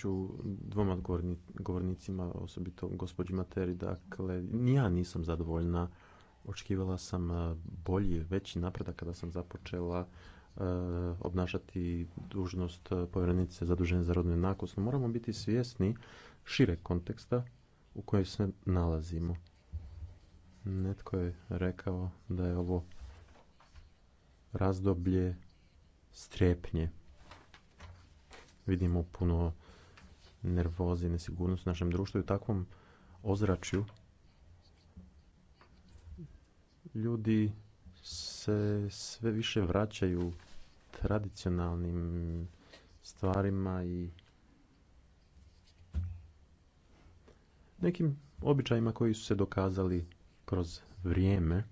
ću dvoma govornicima, osobito gospođi Materi, dakle, ja nisam zadovoljna. Očekivala sam e, bolji, veći napredak kada sam započela e, obnašati dužnost e, povjerenice zadužene za rodnu jednakost. moramo biti svjesni šire konteksta u kojem se nalazimo. Netko je rekao da je ovo razdoblje strepnje. Vidimo puno nervoze i nesigurnost u našem društvu i u takvom ozračju ljudi se sve više vraćaju tradicionalnim stvarima i nekim običajima koji su se dokazali kroz vrijeme.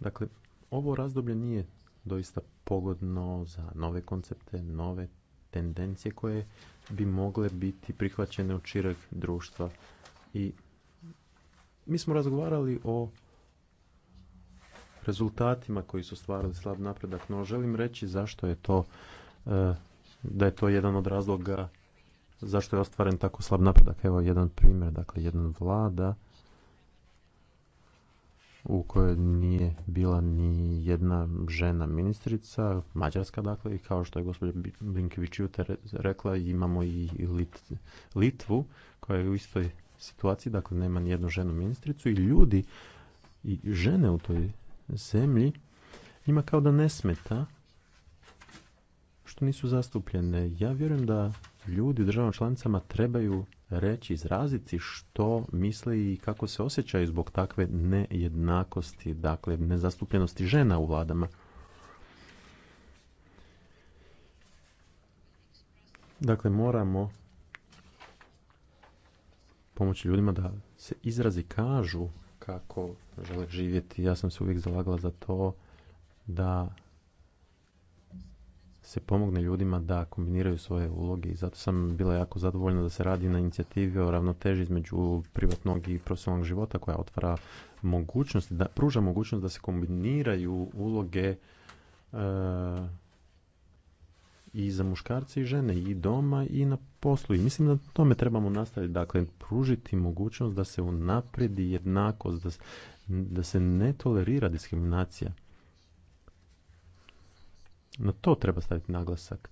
Dakle, ovo razdoblje nije doista pogodno za nove koncepte, nove tendencije koje bi mogle biti prihvaćene od šireg društva. I mi smo razgovarali o rezultatima koji su stvarali slab napredak, no želim reći zašto je to, e, da je to jedan od razloga zašto je ostvaren tako slab napredak. Evo jedan primjer, dakle jedan vlada u kojoj nije bila ni jedna žena ministrica, Mađarska dakle, i kao što je gospođa Blinkević juter rekla, imamo i Litvu koja je u istoj situaciji, dakle nema ni jednu ženu ministricu i ljudi i žene u toj zemlji njima kao da ne smeta što nisu zastupljene. Ja vjerujem da ljudi u državama članicama trebaju reći, izraziti što misli i kako se osjećaju zbog takve nejednakosti, dakle nezastupljenosti žena u vladama. Dakle, moramo pomoći ljudima da se izrazi kažu kako žele živjeti. Ja sam se uvijek zalagala za to da se pomogne ljudima da kombiniraju svoje uloge i zato sam bila jako zadovoljna da se radi na inicijativi o ravnoteži između privatnog i profesionalnog života koja otvara mogućnost, da pruža mogućnost da se kombiniraju uloge e, i za muškarce i žene i doma i na poslu i mislim da tome trebamo nastaviti dakle pružiti mogućnost da se unapredi jednakost da, da se ne tolerira diskriminacija na to treba staviti naglasak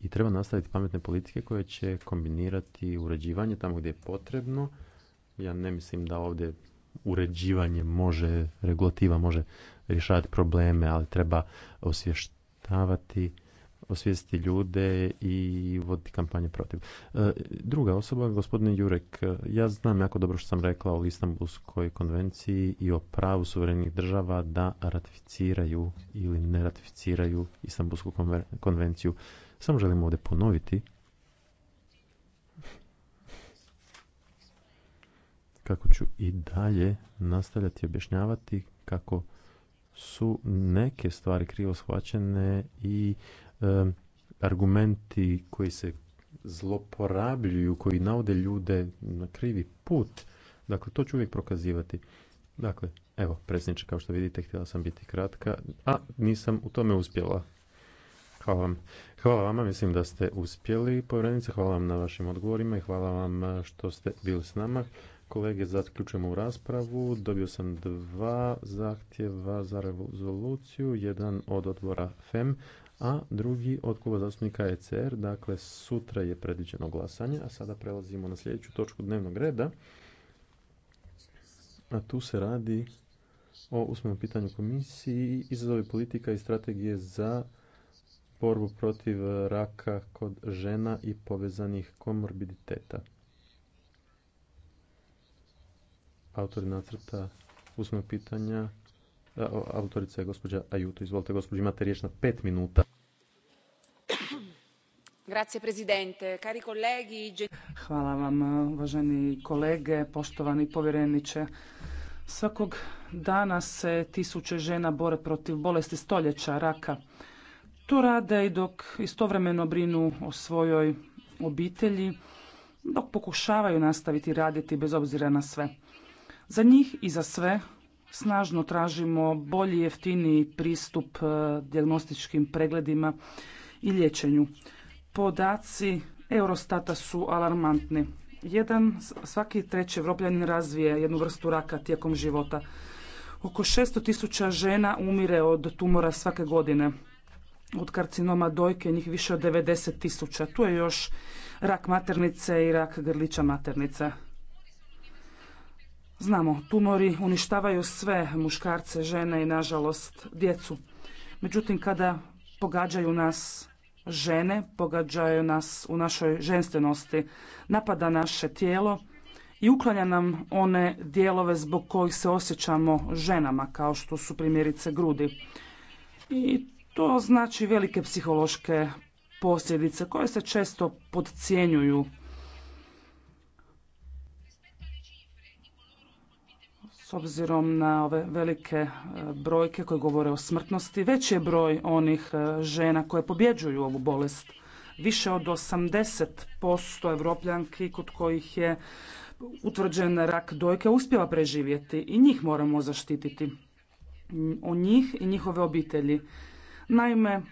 i treba nastaviti pametne politike koje će kombinirati uređivanje tamo gdje je potrebno. Ja ne mislim da ovdje uređivanje može, regulativa može rješavati probleme, ali treba osvještavati osvijestiti ljude i voditi kampanje protiv. E, druga osoba, gospodin Jurek, ja znam jako dobro što sam rekla o Istanbulskoj konvenciji i o pravu suverenih država da ratificiraju ili ne ratificiraju Istanbulsku konvenciju. Samo želim ovdje ponoviti kako ću i dalje nastavljati objašnjavati kako su neke stvari krivo shvaćene i argumenti koji se zloporabljuju, koji navode ljude na krivi put. Dakle, to ću uvijek prokazivati. Dakle, evo, predsjedniče, kao što vidite, htjela sam biti kratka, a nisam u tome uspjela. Hvala vam. Hvala vama, mislim da ste uspjeli, povjerenice. Hvala vam na vašim odgovorima i hvala vam što ste bili s nama. Kolege, zaključujemo u raspravu. Dobio sam dva zahtjeva za rezoluciju, jedan od odbora FEM, a drugi od kluba zastupnika ECR. Dakle, sutra je predviđeno glasanje, a sada prelazimo na sljedeću točku dnevnog reda. A tu se radi o usmenom pitanju komisiji, izazovi politika i strategije za borbu protiv raka kod žena i povezanih komorbiditeta. Autor nacrta usmenog pitanja, autorica je gospođa Ajuto. Izvolite gospođo, imate riječ na pet minuta. Hvala vam, uvaženi kolege, poštovani povjereniče. Svakog dana se tisuće žena bore protiv bolesti stoljeća, raka. To rade i dok istovremeno brinu o svojoj obitelji, dok pokušavaju nastaviti raditi bez obzira na sve. Za njih i za sve snažno tražimo bolji, jeftiniji pristup eh, dijagnostičkim pregledima i liječenju. Podaci Eurostata su alarmantni. Jedan, svaki treći evropljanin razvije jednu vrstu raka tijekom života. Oko 600 tisuća žena umire od tumora svake godine. Od karcinoma dojke njih više od 90 tisuća. Tu je još rak maternice i rak grlića maternice. Znamo, tumori uništavaju sve muškarce, žene i nažalost djecu. Međutim, kada pogađaju nas, žene, pogađaju nas u našoj ženstvenosti, napada naše tijelo i uklanja nam one dijelove zbog kojih se osjećamo ženama, kao što su primjerice grudi. I to znači velike psihološke posljedice koje se često podcjenjuju obzirom na ove velike e, brojke koje govore o smrtnosti, veći je broj onih e, žena koje pobjeđuju ovu bolest. Više od 80% evropljanki kod kojih je utvrđen rak dojke uspjeva preživjeti i njih moramo zaštititi. O njih i njihove obitelji. Naime,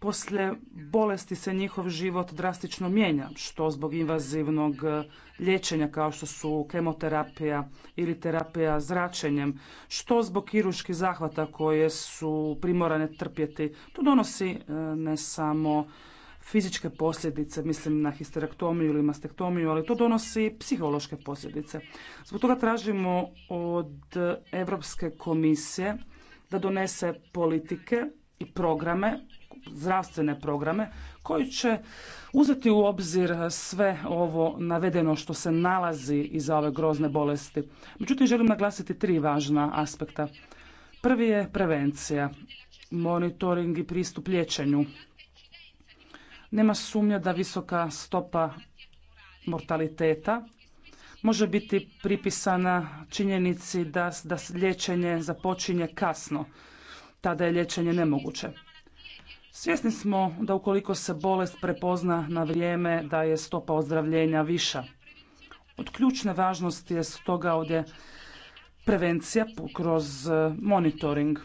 poslije bolesti se njihov život drastično mijenja, što zbog invazivnog e, liječenja kao što su kemoterapija ili terapija zračenjem, što zbog kirurških zahvata koje su primorane trpjeti. To donosi e, ne samo fizičke posljedice, mislim na histerektomiju ili mastektomiju, ali to donosi i psihološke posljedice. Zbog toga tražimo od Europske komisije da donese politike i programe zdravstvene programe koji će uzeti u obzir sve ovo navedeno što se nalazi iza ove grozne bolesti. Međutim, želim naglasiti tri važna aspekta. Prvi je prevencija, monitoring i pristup liječenju. Nema sumnja da visoka stopa mortaliteta može biti pripisana činjenici da, da liječenje započinje kasno. Tada je liječenje nemoguće. Svjesni smo da ukoliko se bolest prepozna na vrijeme, da je stopa ozdravljenja viša. Od ključne važnosti je stoga ovdje prevencija kroz e, monitoring.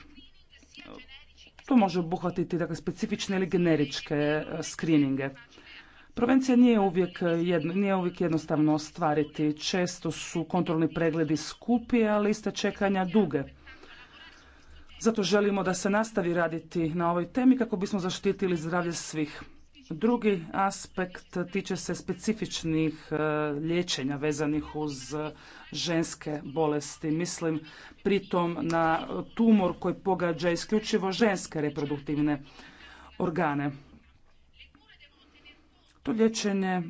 To može obuhvatiti dakle, specifične ili generičke e, skrininge. Prevencija nije uvijek, jedno, nije uvijek jednostavno ostvariti. Često su kontrolni pregledi skupi, a liste čekanja duge. Zato želimo da se nastavi raditi na ovoj temi kako bismo zaštitili zdravlje svih. Drugi aspekt tiče se specifičnih e, liječenja vezanih uz e, ženske bolesti. Mislim pritom na tumor koji pogađa isključivo ženske reproduktivne organe. To liječenje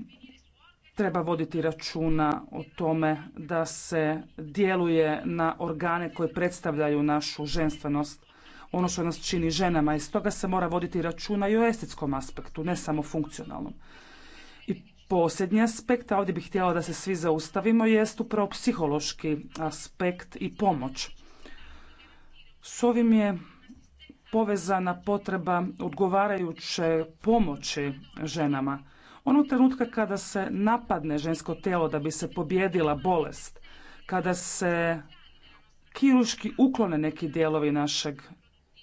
treba voditi računa o tome da se djeluje na organe koji predstavljaju našu ženstvenost, ono što nas čini ženama i stoga se mora voditi računa i o estetskom aspektu, ne samo funkcionalnom. I posljednji aspekt, a ovdje bih htjela da se svi zaustavimo, jest upravo psihološki aspekt i pomoć. S ovim je povezana potreba odgovarajuće pomoći ženama. Onog trenutka kada se napadne žensko tijelo da bi se pobjedila bolest, kada se kiruški uklone neki dijelovi našeg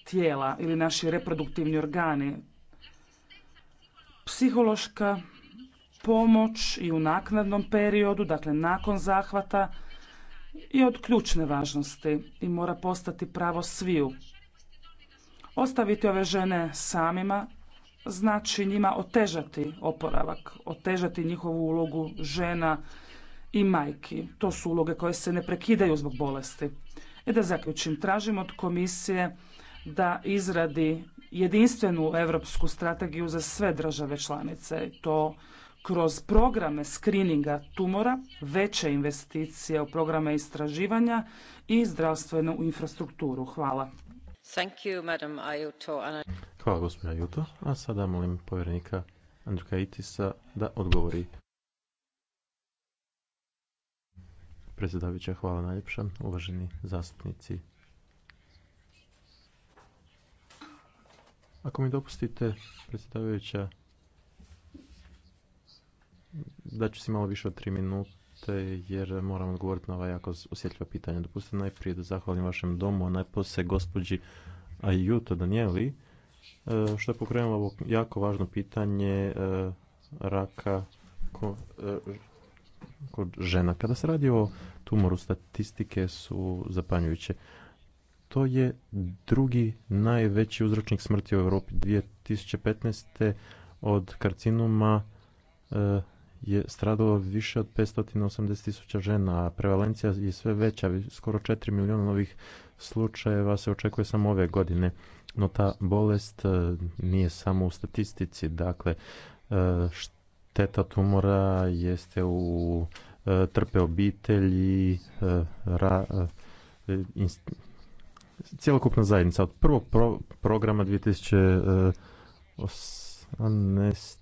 tijela ili naši reproduktivni organi, psihološka pomoć i u naknadnom periodu, dakle nakon zahvata, je od ključne važnosti i mora postati pravo sviju. Ostaviti ove žene samima znači njima otežati oporavak, otežati njihovu ulogu žena i majki. To su uloge koje se ne prekidaju zbog bolesti. E da zaključim, tražim od komisije da izradi jedinstvenu europsku strategiju za sve države članice. To kroz programe skrininga tumora, veće investicije u programe istraživanja i zdravstvenu infrastrukturu. Hvala. Hvala gospođa Juto. A sada molim povjerenika Andruka Itisa da odgovori. Predsjedavića, hvala najljepša. Uvaženi zastupnici. Ako mi dopustite, predsjedavajuća, da ću si malo više od tri minute jer moram odgovoriti na ova jako osjetljiva pitanja. Dopustite najprije da zahvalim vašem domu, a najposlije gospođi Ajuto Danieli E, što je pokrenulo ovo jako važno pitanje e, raka e, kod žena. Kada se radi o tumoru, statistike su zapanjujuće. To je drugi najveći uzročnik smrti u Europi. 2015. od karcinoma je stradalo više od 580 tisuća žena, a prevalencija je sve veća, skoro 4 milijuna novih slučajeva se očekuje samo ove godine no ta bolest e, nije samo u statistici dakle e, šteta tumora jeste u e, trpe obitelji cjelokupna zajednica od prvog pro, programa 2018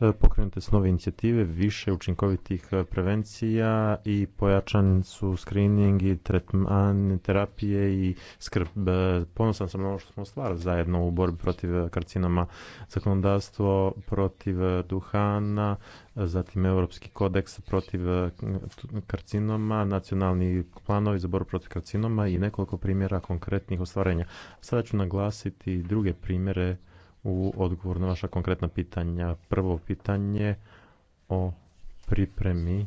E, pokrenute su nove inicijative, više učinkovitih e, prevencija i pojačan su screening i tretman, terapije i skrb. E, ponosan sam na ono što smo stvarali zajedno u borbi protiv karcinoma, zakonodavstvo protiv duhana, zatim Europski kodeks protiv karcinoma, nacionalni planovi za borbu protiv karcinoma i nekoliko primjera konkretnih ostvarenja. Sada ću naglasiti druge primjere u odgovor na vaša konkretna pitanja. Prvo pitanje o pripremi e,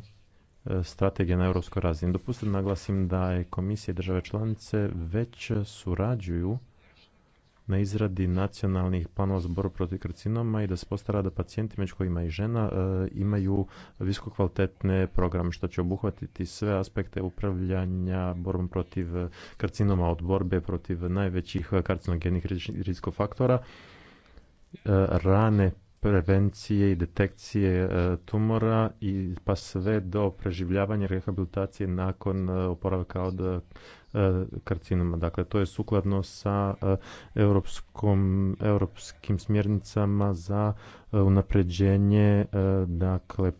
strategije na europskoj razini. Dopustite da naglasim da je komisije države članice već surađuju na izradi nacionalnih planova za borbu protiv karcinoma i da se postara da pacijenti među kojima i žena e, imaju visokokvalitetne programe što će obuhvatiti sve aspekte upravljanja borbom protiv karcinoma od borbe protiv najvećih karcinogenih rizikofaktora faktora E, rane prevencije i detekcije e, tumora i pa sve do preživljavanja rehabilitacije nakon e, oporavka od karcinoma. Dakle, to je sukladno sa europskom, europskim smjernicama za unapređenje dakle,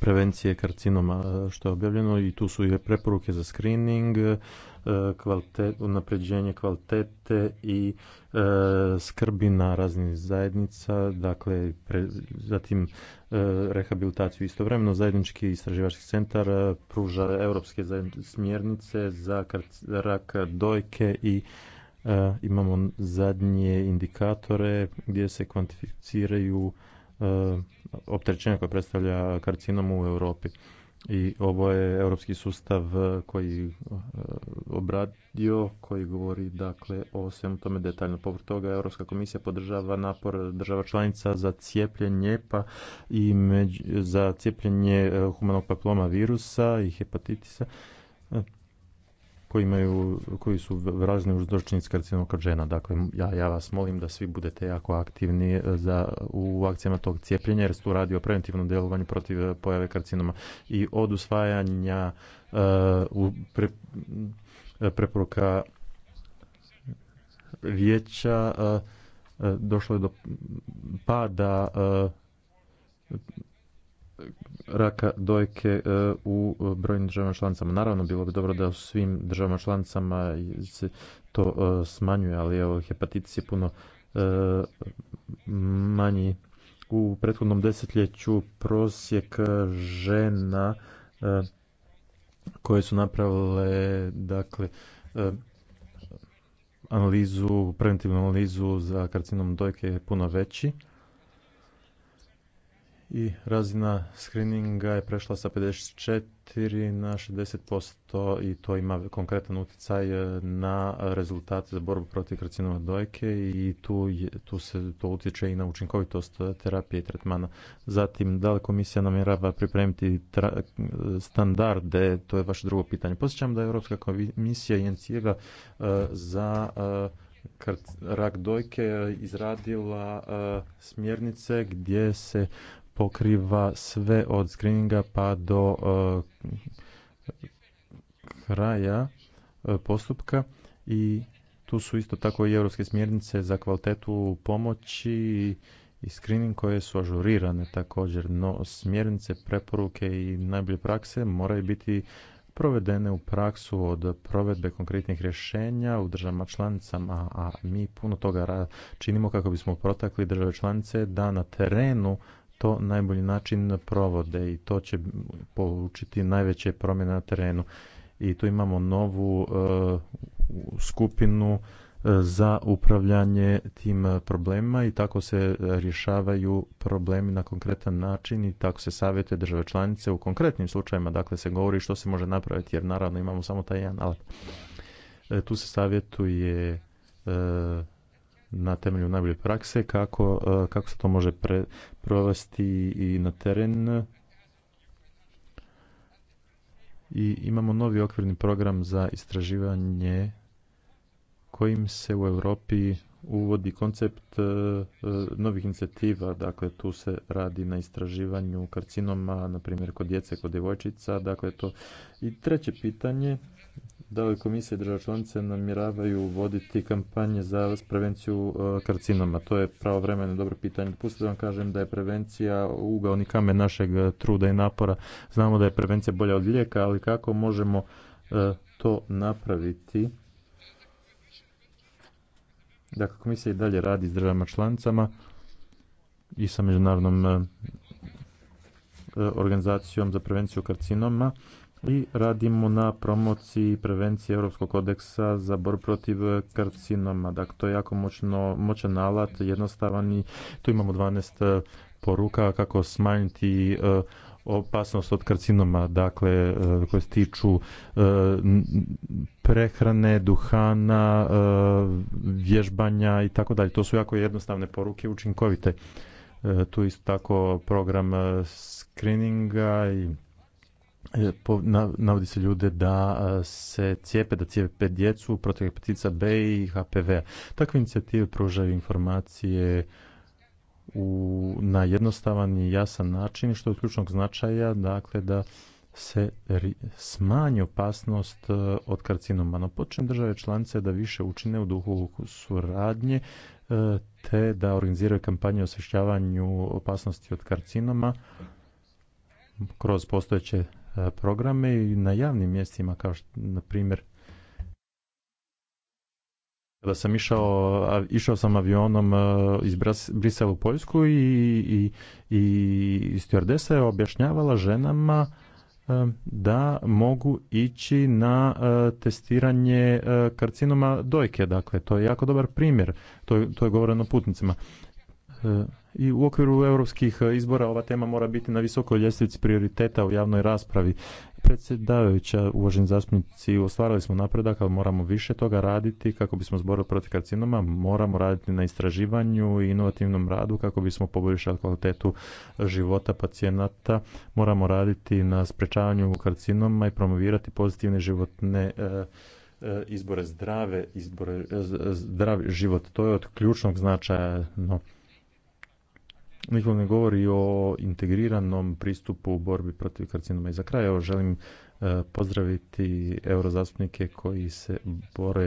prevencije karcinoma što je objavljeno i tu su i preporuke za screening, E, kvalitet, unapređenje kvalitete i e, skrbi na raznih zajednica, dakle zatim e, rehabilitaciju istovremeno zajednički istraživački centar pruža europske smjernice za rak dojke i imamo zadnje indikatore gdje se kvantificiraju opterećenja koja predstavlja karcinom u Europi i ovo je europski sustav e, koji e, obradio, koji govori dakle o svemu tome detaljno. Povr toga Europska komisija podržava napor država članica za cijepljenje pa i za cijepljenje e, humanog papiloma virusa i hepatitisa koji, imaju, koji su razne uzročnici karcinom kod žena. Dakle, ja, ja vas molim da svi budete jako aktivni e, za, u akcijama tog cijepljenja, jer se tu radi o preventivnom djelovanju protiv e, pojave karcinoma i od usvajanja uh, u pre, preporuka vijeća došlo je do pada uh, raka dojke e, u brojnim državama članicama. Naravno, bilo bi dobro da u svim državama članicama se to e, smanjuje, ali evo, hepatitis je puno e, manji. U prethodnom desetljeću prosjek žena koje su napravile dakle, analizu, preventivnu analizu za karcinom dojke je puno veći i razina screeninga je prešla sa 54 na 60% i to ima konkretan utjecaj e, na rezultate za borbu protiv karcinoma dojke i tu, tu se to utječe i na učinkovitost e, terapije i tretmana. Zatim, da li komisija namjerava pripremiti e, standarde, to je vaše drugo pitanje. Posjećam da je Europska komisija inicijeva za rak dojke izradila smjernice gdje se pokriva sve od screeninga pa do e, kraja e, postupka i tu su isto tako i europske smjernice za kvalitetu pomoći i screening koje su ažurirane također, no smjernice, preporuke i najbolje prakse moraju biti provedene u praksu od provedbe konkretnih rješenja u državama članicama, a mi puno toga činimo kako bismo protakli države članice da na terenu to najbolji način provode i to će polučiti najveće promjene na terenu. I tu imamo novu eh, skupinu eh, za upravljanje tim problemima i tako se rješavaju problemi na konkretan način i tako se savjetuje države članice u konkretnim slučajevima, dakle se govori što se može napraviti jer naravno imamo samo taj jedan alat. Eh, tu se savjetuje na temelju najbolje prakse kako, e, kako se to može pre, provesti i na teren i imamo novi okvirni program za istraživanje kojim se u Europi uvodi koncept e, e, novih inicijativa, dakle tu se radi na istraživanju karcinoma, na primjer kod djece, kod djevojčica, dakle to. I treće pitanje da li komisije država članice namjeravaju voditi kampanje za prevenciju e, karcinoma? To je pravovremeno dobro pitanje. Pustite da vam kažem da je prevencija ugaoni kamen našeg e, truda i napora. Znamo da je prevencija bolja od lijeka, ali kako možemo e, to napraviti? Dakle, komisija i dalje radi s državama članicama i sa međunarodnom organizacijom za prevenciju karcinoma i radimo na promociji i prevenciji Europskog kodeksa za borbu protiv karcinoma. Dakle, to je jako moćno, moćan alat, jednostavan i tu imamo 12 e, poruka kako smanjiti e, opasnost od karcinoma, dakle, e, koje se tiču prehrane, duhana, vježbanja i tako dalje. To su jako jednostavne poruke, učinkovite. Tu isto tako program screeninga i E, navodi se ljude da e, se cijepe, da cijepe djecu protiv hepatica B i HPV. Takve inicijative pružaju informacije u, na jednostavan i jasan način, što je od ključnog značaja, dakle, da se smanji opasnost e, od karcinoma. No počne države članice da više učine u duhu suradnje, te da organiziraju kampanje o osvješćavanju opasnosti od karcinoma kroz postojeće E, programe i na javnim mjestima, kao što, na primjer, kada sam išao, išao sam avionom e, iz Brisela u Poljsku i, i, i stewardesa je objašnjavala ženama e, da mogu ići na testiranje karcinoma dojke. Dakle, to je jako dobar primjer. To je, to je govoreno putnicima i u okviru europskih e, izbora ova tema mora biti na visokoj ljestvici prioriteta u javnoj raspravi. Predsjedavajuća, uvaženi zastupnici, ostvarili smo napredak, ali moramo više toga raditi kako bismo zborili protiv karcinoma, moramo raditi na istraživanju i inovativnom radu kako bismo poboljšali kvalitetu života pacijenata, moramo raditi na sprečavanju karcinoma i promovirati pozitivne životne e, e, izbore zdrave, izbore, zdrav život. To je od ključnog značaja. No, nitko ne govori o integriranom pristupu u borbi protiv karcinoma. I za kraj evo, želim e, pozdraviti eurozastupnike koji se bore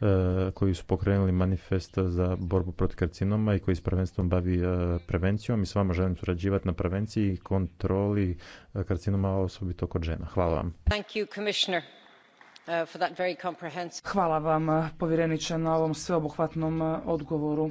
e, koji su pokrenuli manifest za borbu protiv karcinoma i koji s prvenstvom bavi e, prevencijom i s vama želim surađivati na prevenciji i kontroli karcinoma osobito kod žena. Hvala vam. Uh, Hvala vam uh, povjereniče na ovom sveobuhvatnom uh, odgovoru.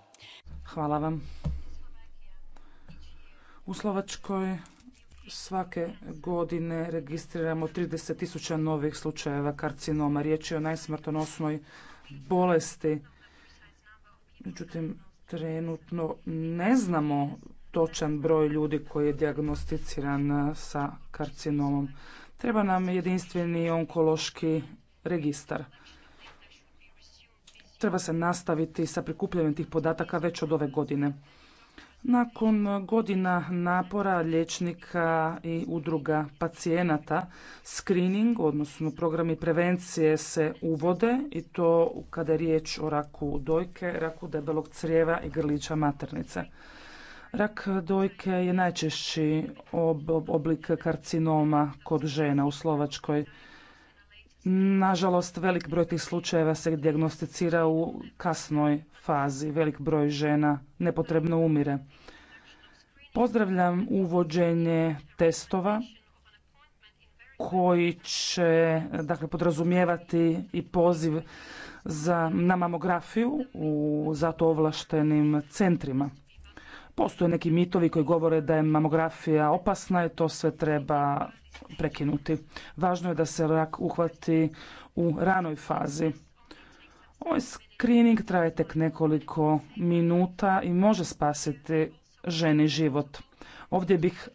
Hvala vam. U Slovačkoj svake godine registriramo 30.000 novih slučajeva karcinoma. Riječ je o najsmrtonosnoj bolesti. Međutim, trenutno ne znamo točan broj ljudi koji je diagnosticiran sa karcinomom. Treba nam jedinstveni onkološki registar treba se nastaviti sa prikupljanjem tih podataka već od ove godine. Nakon godina napora liječnika i udruga pacijenata, screening, odnosno programi prevencije se uvode i to kada je riječ o raku dojke, raku debelog crijeva i grlića maternice. Rak dojke je najčešći oblik karcinoma kod žena u Slovačkoj. Nažalost, velik broj tih slučajeva se dijagnosticira u kasnoj fazi. Velik broj žena nepotrebno umire. Pozdravljam uvođenje testova koji će dakle, podrazumijevati i poziv za, na mamografiju u zato ovlaštenim centrima. Postoje neki mitovi koji govore da je mamografija opasna i to sve treba prekinuti. Važno je da se rak uhvati u ranoj fazi. Ovaj screening traje tek nekoliko minuta i može spasiti ženi život. Ovdje bih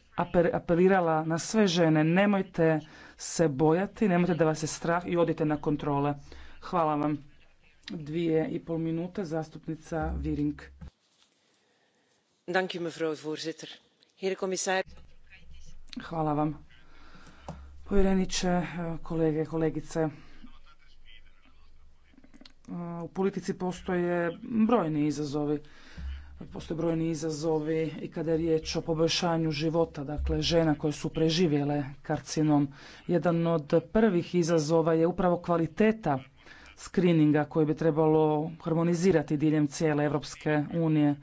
apelirala na sve žene, nemojte se bojati, nemojte da vas je strah i odite na kontrole. Hvala vam. Dvije i pol minute, zastupnica Viring voorzitter hvala vam povjereniče kolege i kolegice u politici postoje brojni izazovi postoje brojni izazovi i kada je riječ o poboljšanju života dakle žena koje su preživjele karcinom jedan od prvih izazova je upravo kvaliteta skrininga koji bi trebalo harmonizirati diljem cijele europske unije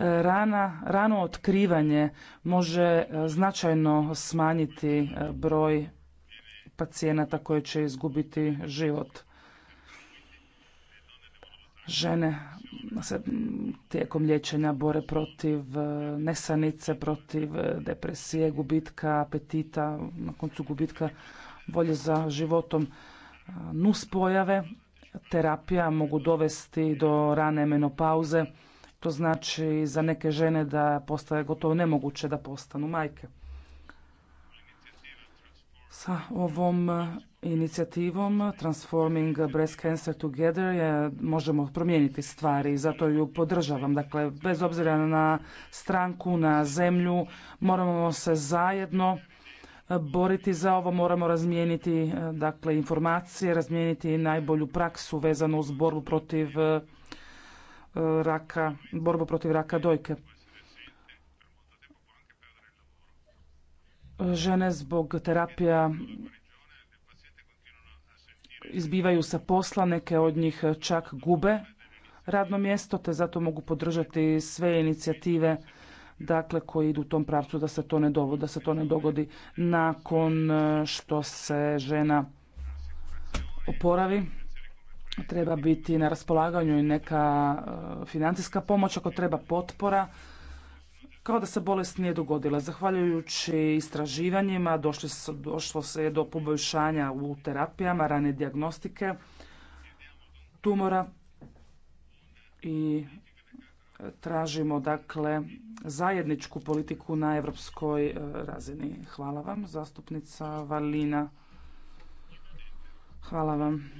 Rana, rano otkrivanje može e, značajno smanjiti e, broj pacijenata koji će izgubiti život. Žene se tijekom liječenja bore protiv e, nesanice, protiv depresije, gubitka apetita, na koncu gubitka volje za životom, nuspojave. Terapija mogu dovesti do rane menopauze, to znači za neke žene da postaje gotovo nemoguće da postanu majke. Sa ovom inicijativom Transforming Breast Cancer Together je, možemo promijeniti stvari i zato ju podržavam. Dakle, bez obzira na stranku, na zemlju, moramo se zajedno boriti za ovo, moramo razmijeniti dakle, informacije, razmijeniti najbolju praksu vezanu uz borbu protiv raka, borbu protiv raka dojke. Žene zbog terapija izbivaju sa posla, neke od njih čak gube radno mjesto, te zato mogu podržati sve inicijative dakle koji idu u tom pravcu da se to ne dovodi, da se to ne dogodi nakon što se žena oporavi treba biti na raspolaganju i neka e, financijska pomoć, ako treba potpora, kao da se bolest nije dogodila. Zahvaljujući istraživanjima došlo se do poboljšanja u terapijama, rane diagnostike tumora i e, tražimo dakle zajedničku politiku na europskoj e, razini. Hvala vam, zastupnica Valina. Hvala vam.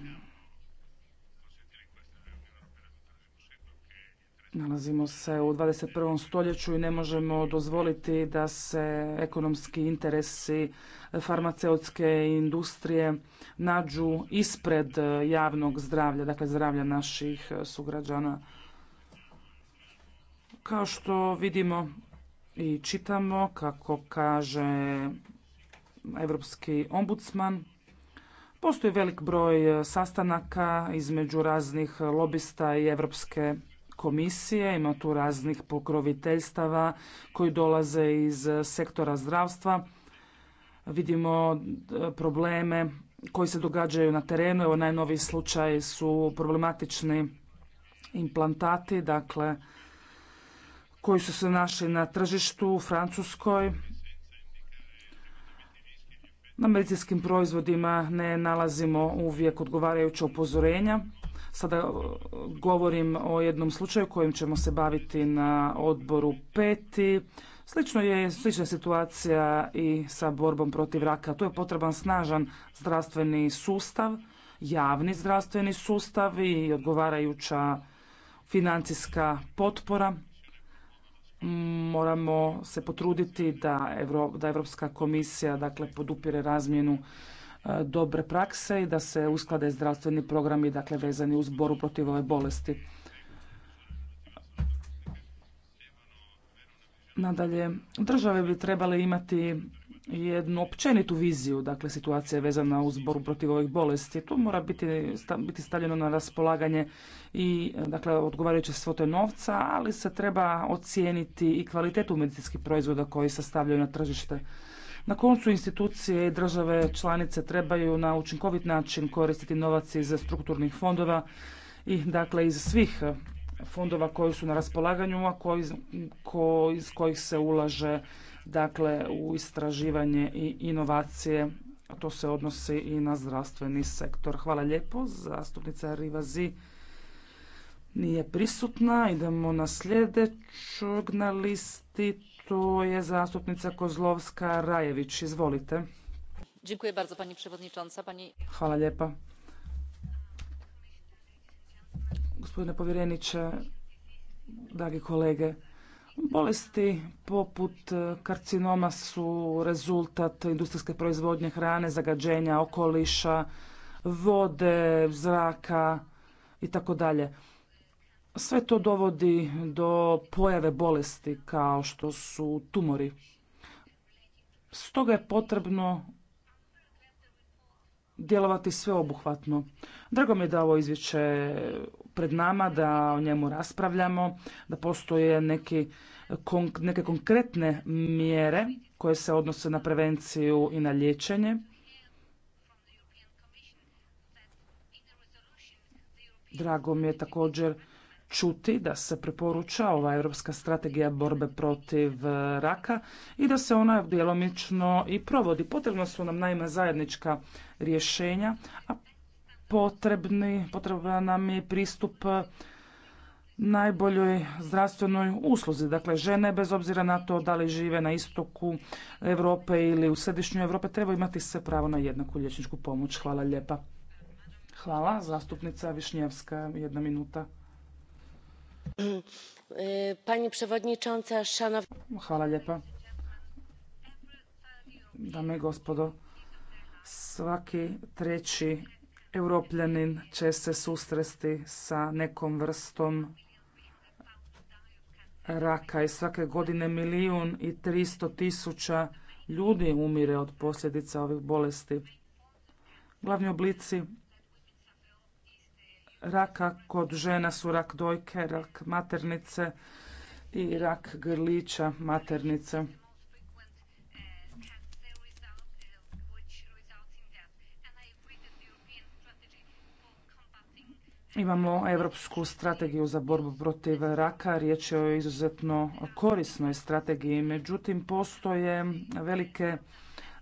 Nalazimo se u 21. stoljeću i ne možemo dozvoliti da se ekonomski interesi farmaceutske industrije nađu ispred javnog zdravlja, dakle zdravlja naših sugrađana. Kao što vidimo i čitamo, kako kaže Europski ombudsman, postoji velik broj sastanaka između raznih lobista i Europske komisije, ima tu raznih pokroviteljstava koji dolaze iz sektora zdravstva. Vidimo e, probleme koji se događaju na terenu. Evo najnoviji slučaj su problematični implantati, dakle koji su se našli na tržištu u Francuskoj. Na medicinskim proizvodima ne nalazimo uvijek odgovarajuća upozorenja. Sada e, govorim o jednom slučaju kojim ćemo se baviti na odboru peti. Slično je, slična situacija i sa borbom protiv raka. Tu je potreban snažan zdravstveni sustav, javni zdravstveni sustav i odgovarajuća financijska potpora. Moramo se potruditi da, Europska da Evropska komisija dakle, podupire razmjenu E, dobre prakse i da se usklade zdravstveni programi dakle vezani uz boru protiv ove bolesti. Nadalje, države bi trebale imati jednu općenitu viziju, dakle situacija vezana uz boru protiv ovih bolesti. Tu mora biti, biti stavljeno na raspolaganje i dakle odgovarajuće svote novca, ali se treba ocijeniti i kvalitetu medicinskih proizvoda koji se stavljaju na tržište. Na koncu institucije i države članice trebaju na učinkovit način koristiti novac iz strukturnih fondova i dakle iz svih fondova koji su na raspolaganju, a koji, iz kojih se ulaže dakle u istraživanje i inovacije, a to se odnosi i na zdravstveni sektor. Hvala lijepo. Zastupnica Rivazi nije prisutna. Idemo na sljedećog na listi to je zastupnica Kozlovska Rajević. Izvolite. Hvala lijepa. Gospodine povjereniče, dragi kolege, bolesti poput karcinoma su rezultat industrijske proizvodnje hrane, zagađenja okoliša, vode, zraka i tako dalje. Sve to dovodi do pojave bolesti kao što su tumori. Stoga je potrebno djelovati sveobuhvatno. Drago mi je da ovo izvješće pred nama, da o njemu raspravljamo, da postoje neke konkretne mjere koje se odnose na prevenciju i na liječenje. Drago mi je također čuti da se preporuča ova europska strategija borbe protiv e, raka i da se ona djelomično i provodi. Potrebno su nam naime zajednička rješenja, a potrebni, potreban nam je pristup najboljoj zdravstvenoj usluzi. Dakle, žene, bez obzira na to da li žive na istoku Europe ili u središnju Europe, treba imati se pravo na jednaku liječničku pomoć. Hvala lijepa. Hvala. Zastupnica Višnjevska, jedna minuta. E, pani przewodnicząca, Hvala Dame i gospodo, svaki treći europljanin će se susresti sa nekom vrstom raka i svake godine milijun i tristo tisuća ljudi umire od posljedica ovih bolesti. Glavni oblici raka kod žena su rak dojke, rak maternice i rak grlića maternice. Imamo Europsku strategiju za borbu protiv raka, riječ je o izuzetno korisnoj strategiji, međutim postoje velike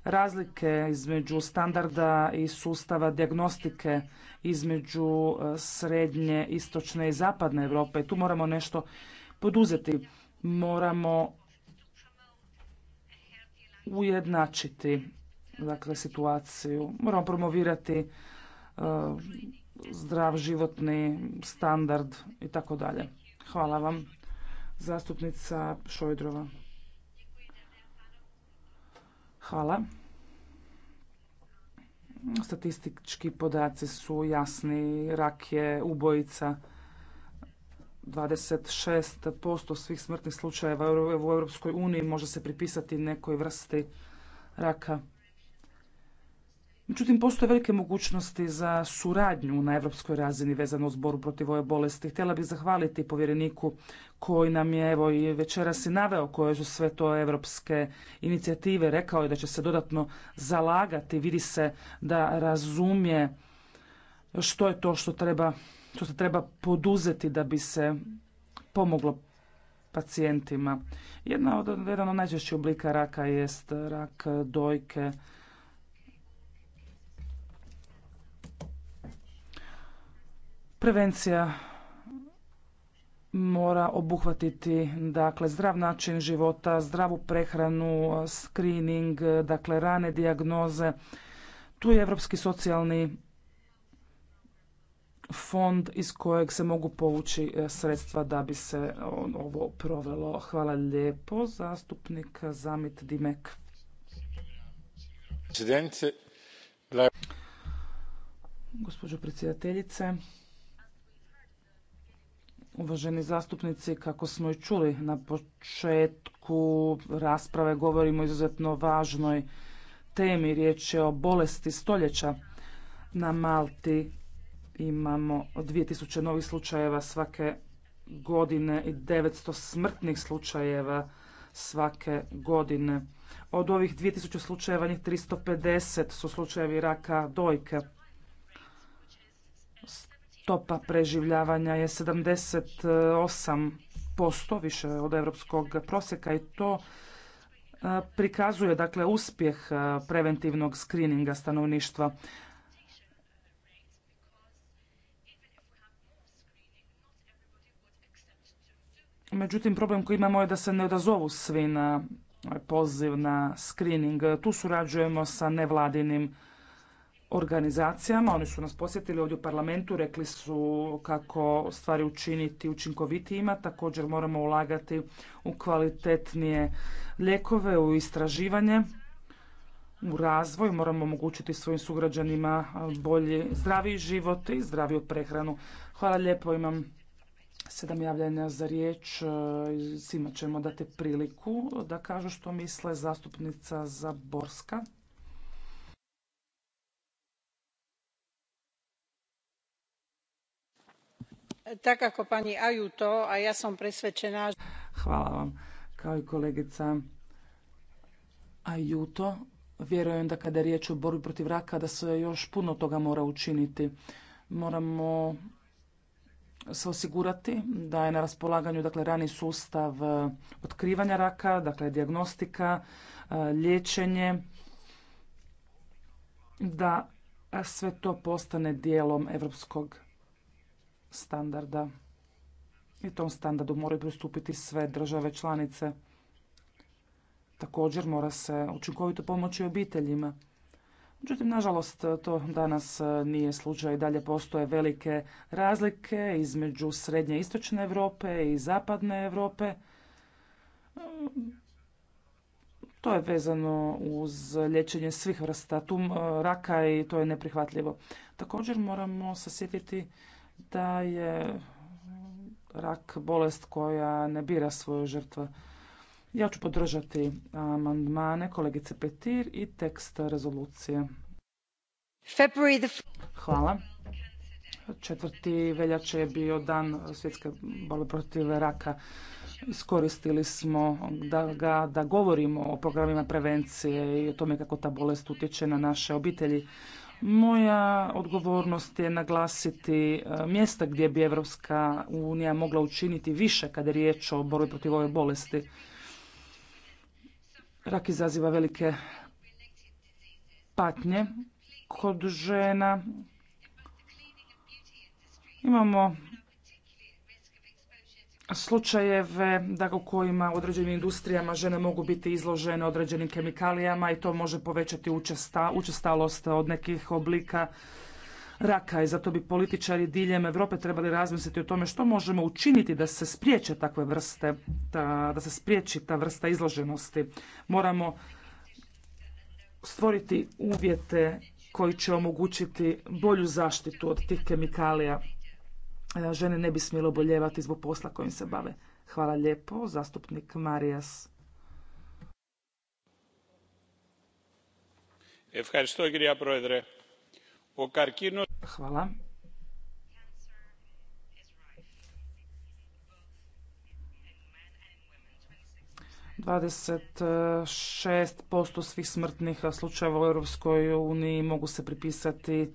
razlike između standarda i sustava dijagnostike između e, srednje, istočne i zapadne Europe. Tu moramo nešto poduzeti. Moramo ujednačiti dakle, situaciju. Moramo promovirati e, zdrav životni standard i tako dalje. Hvala vam. Zastupnica Šojdrova. Hvala. Statistički podaci su jasni. Rak je ubojica 26% svih smrtnih slučajeva u EU uniji može se pripisati nekoj vrsti raka. Međutim, postoje velike mogućnosti za suradnju na europskoj razini vezano uz borbu protiv ove bolesti. Htjela bih zahvaliti povjereniku koji nam je evo i večeras i naveo koje su sve to europske inicijative. Rekao je da će se dodatno zalagati, vidi se da razumije što je to što treba, što se treba poduzeti da bi se pomoglo pacijentima. Jedna od, jedan od najčešćih oblika raka jest rak dojke, Prevencija mora obuhvatiti dakle zdrav način života, zdravu prehranu, screening, dakle rane dijagnoze. Tu je Europski socijalni fond iz kojeg se mogu povući e, sredstva da bi se ovo provelo. Hvala lijepo. Zastupnik Zamit Dimek. Gospođo predsjedateljice, Uvaženi zastupnici, kako smo i čuli na početku rasprave, govorimo o izuzetno važnoj temi. Riječ je o bolesti stoljeća. Na Malti imamo 2000 novih slučajeva svake godine i 900 smrtnih slučajeva svake godine. Od ovih 2000 slučajeva, njih 350 su slučajevi raka dojke stopa preživljavanja je 78% više od evropskog prosjeka i to e, prikazuje dakle uspjeh e, preventivnog skrininga stanovništva. Međutim, problem koji imamo je da se ne odazovu svi na poziv na screening. Tu surađujemo sa nevladinim organizacijama. Oni su nas posjetili ovdje u parlamentu, rekli su kako stvari učiniti učinkovitijima. Također moramo ulagati u kvalitetnije lijekove, u istraživanje, u razvoj. Moramo omogućiti svojim sugrađanima bolji, zdraviji život i zdraviju prehranu. Hvala lijepo, imam sedam javljanja za riječ. Svima ćemo dati priliku da kažu što misle zastupnica Zaborska. tak ako pani Ajuto, a ja sam presvedčená... Hvala vam. Kao i kolegica Ajuto, vjerujem da kada je riječ o borbi protiv raka, da se još puno toga mora učiniti. Moramo se osigurati da je na raspolaganju dakle, rani sustav e, otkrivanja raka, dakle dijagnostika, e, liječenje, da sve to postane dijelom europskog standarda i tom standardu moraju pristupiti sve države članice. Također mora se učinkovito pomoći obiteljima. Međutim, nažalost, to danas nije slučaj. Dalje postoje velike razlike između srednje i istočne Europe i zapadne Europe. To je vezano uz liječenje svih vrsta raka i to je neprihvatljivo. Također moramo se sjetiti da je rak bolest koja ne bira svoju žrtvu. Ja ću podržati amandmane kolegice Petir i tekst rezolucije. Hvala. Četvrti veljače je bio dan svjetske borbe protiv raka. Iskoristili smo da, ga, da govorimo o programima prevencije i o tome kako ta bolest utječe na naše obitelji. Moja odgovornost je naglasiti e, mjesta gdje bi Evropska unija mogla učiniti više kada je riječ o borbi protiv ove bolesti. Rak izaziva velike patnje kod žena. Imamo slučajeve da dakle, u kojima u određenim industrijama žene mogu biti izložene određenim kemikalijama i to može povećati učestalost od nekih oblika raka i zato bi političari diljem Europe trebali razmisliti o tome što možemo učiniti da se spriječe takve vrste, da se spriječi ta vrsta izloženosti. Moramo stvoriti uvjete koji će omogućiti bolju zaštitu od tih kemikalija. E, žene ne bi smjelo boljevati zbog posla kojim se bave. Hvala lijepo, zastupnik Marijas. Hvala. Dvadeset šest posto svih smrtnih slučajeva u Europskoj uniji mogu se pripisati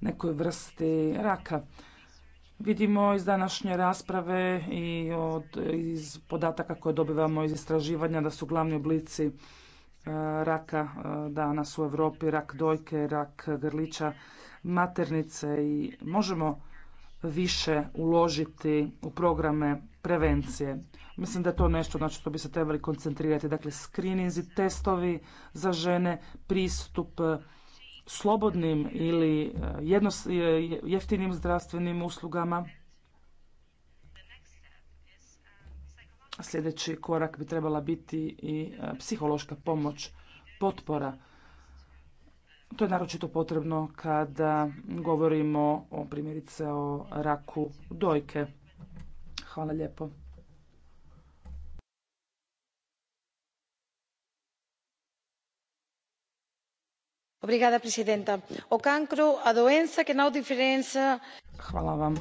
nekoj vrsti raka. Vidimo iz današnje rasprave i od, iz podataka koje dobivamo iz istraživanja da su glavni oblici e, raka e, danas u Europi, rak dojke, rak grlića, maternice i možemo više uložiti u programe prevencije. Mislim da je to nešto na što bi se trebali koncentrirati. Dakle, screeninzi, testovi za žene, pristup slobodnim ili eh, jeftinim zdravstvenim uslugama. Sljedeći korak bi trebala biti i eh, psihološka pomoć, potpora. To je naročito potrebno kada govorimo o primjerice o raku dojke. Hvala lijepo. Obrigada, O a doença Hvala vam.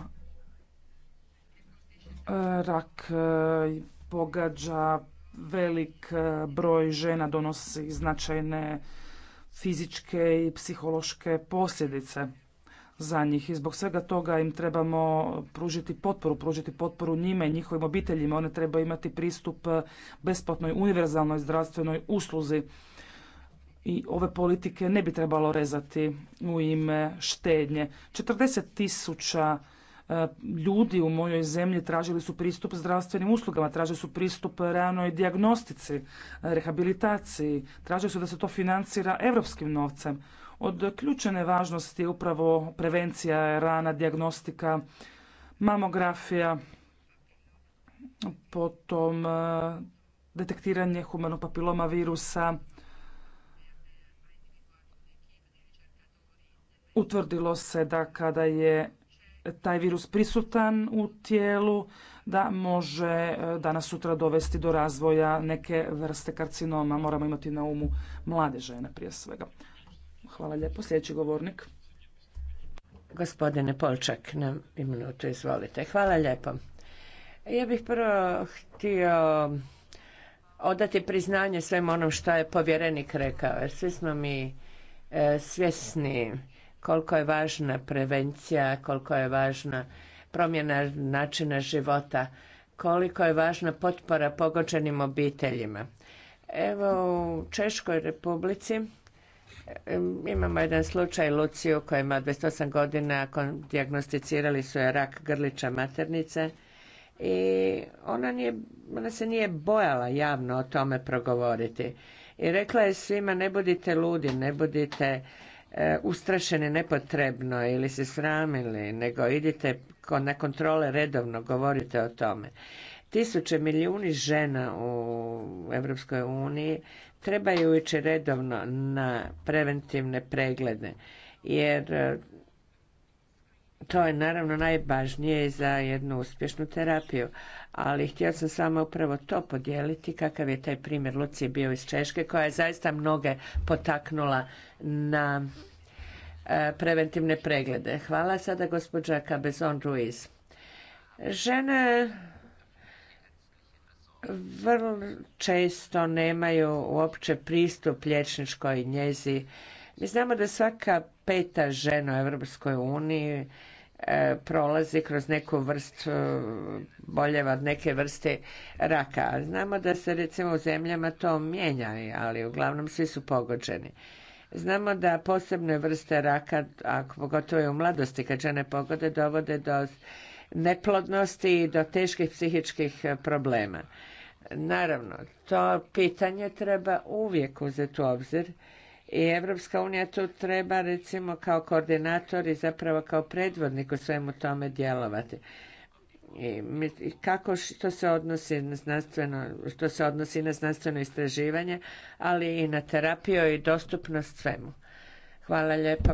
Rak e, pogađa velik e, broj žena, donosi značajne fizičke i psihološke posljedice za njih i zbog svega toga im trebamo pružiti potporu, pružiti potporu njime i njihovim obiteljima. One trebaju imati pristup besplatnoj univerzalnoj zdravstvenoj usluzi i ove politike ne bi trebalo rezati u ime štednje. 40 tisuća e, ljudi u mojoj zemlji tražili su pristup zdravstvenim uslugama, tražili su pristup ranoj dijagnostici, rehabilitaciji, tražili su da se to financira europskim novcem. Od ključne važnosti je upravo prevencija, rana dijagnostika, mamografija, potom e, detektiranje humanog papiloma virusa, utvrdilo se da kada je taj virus prisutan u tijelu da može e, danas sutra dovesti do razvoja neke vrste karcinoma. Moramo imati na umu mlade žene prije svega. Hvala lijepo. Sljedeći govornik. Gospodine Polčak, na minutu izvolite. Hvala lijepo. Ja bih prvo htio odati priznanje svemu onom što je povjerenik rekao, jer svi smo mi e, svjesni koliko je važna prevencija, koliko je važna promjena načina života, koliko je važna potpora pogođenim obiteljima. Evo u Češkoj republici imamo jedan slučaj Luciju koja ima 28 godina, dijagnosticirali su je rak grliča maternice i ona, nije, ona se nije bojala javno o tome progovoriti. I rekla je svima ne budite ludi, ne budite E, ustrašeni nepotrebno ili se sramili, nego idite na kontrole redovno, govorite o tome. Tisuće milijuni žena u Europskoj uniji trebaju ići redovno na preventivne preglede, jer to je naravno najvažnije za jednu uspješnu terapiju, ali htio sam samo upravo to podijeliti kakav je taj primjer Lucije bio iz Češke koja je zaista mnoge potaknula na e, preventivne preglede. Hvala sada gospođa Cabezon Ruiz. Žene vrlo često nemaju uopće pristup liječničkoj njezi. Mi znamo da svaka peta žena u Europskoj uniji E, prolazi kroz neku vrstu e, boljeva od neke vrste raka. Znamo da se recimo u zemljama to mijenja, ali uglavnom svi su pogođeni. Znamo da posebne vrste raka, ako pogotovo u mladosti kad žene pogode, dovode do neplodnosti i do teških psihičkih e, problema. Naravno, to pitanje treba uvijek uzeti u obzir i Evropska unija tu treba recimo kao koordinator i zapravo kao predvodnik u svemu tome djelovati. I kako što se odnosi na znanstveno, što se odnosi na znanstveno istraživanje, ali i na terapiju i dostupnost svemu. Hvala lijepa